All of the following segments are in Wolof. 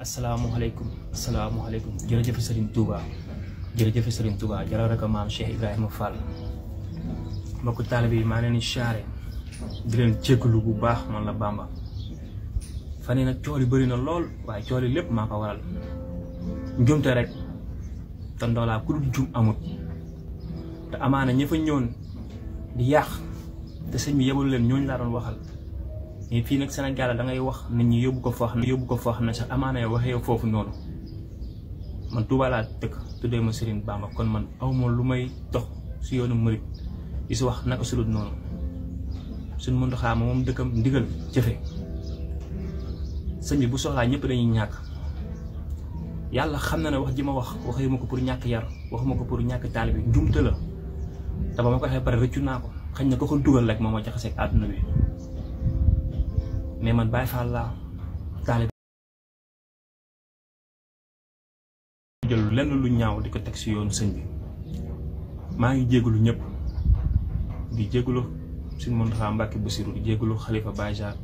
asalaamaaleykum asalaamaaleykum jërëjëf Serigne Touba jërëjëf Serigne tuubaa jaral ak maam Cheikh Ibrahima Fall mbokku taalibe yi maa ngi leen di leen jégalu bu baax man la bàmba fan yii nag cool yi bëri na lool waaye cool yi lépp maa ko waral njumte rek te ndoolaa ku dul jum amut te amaana ña di yàq te sëñ bi yebul leen ñooñu laa doon waxal. mais fii nag Sénégal da ngay wax nit ñi yóbbu ko foo xam ne yóbbu ko foo xam ne amaana yow foofu noonu man Touba laa tuddee ma Serigne Bamba kon man awma lu may dox si yoonu murit di si wax naka sulut noonu suñ mënut a moom dëkkam ndigal jëfe sëñ bi bu soxlaa ñëpp dañuy ñàkk yàlla xam na ne wax ji ma wax waxee ma ko pour ñàkk yar waxuma ko pour ñàkk taalibe njumte la te ba ma ko waxee pare rëccu naa ko xañ na ko ko dugal rek moom moo ma jaxaseeg àdduna bi. mais man Baye Fall laa taalibe jël lenn lu ñaaw di ko teg si yoonu bi ma ngi jégalu ñëpp di jégalu suñ Mountakha Mbacké Bassirou di jégalu khalifa Baye Jaar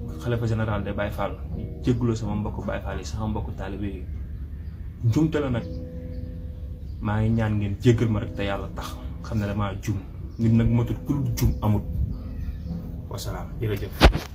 général de bay Fall di sama mbokku Baye Fall sama mbokku taalibe yi njumte la nag maa ngi ñaan ngeen jégal ma rek te yàlla tax xam ne jum nit nak matul kul jum amut wasalaam jërëjëf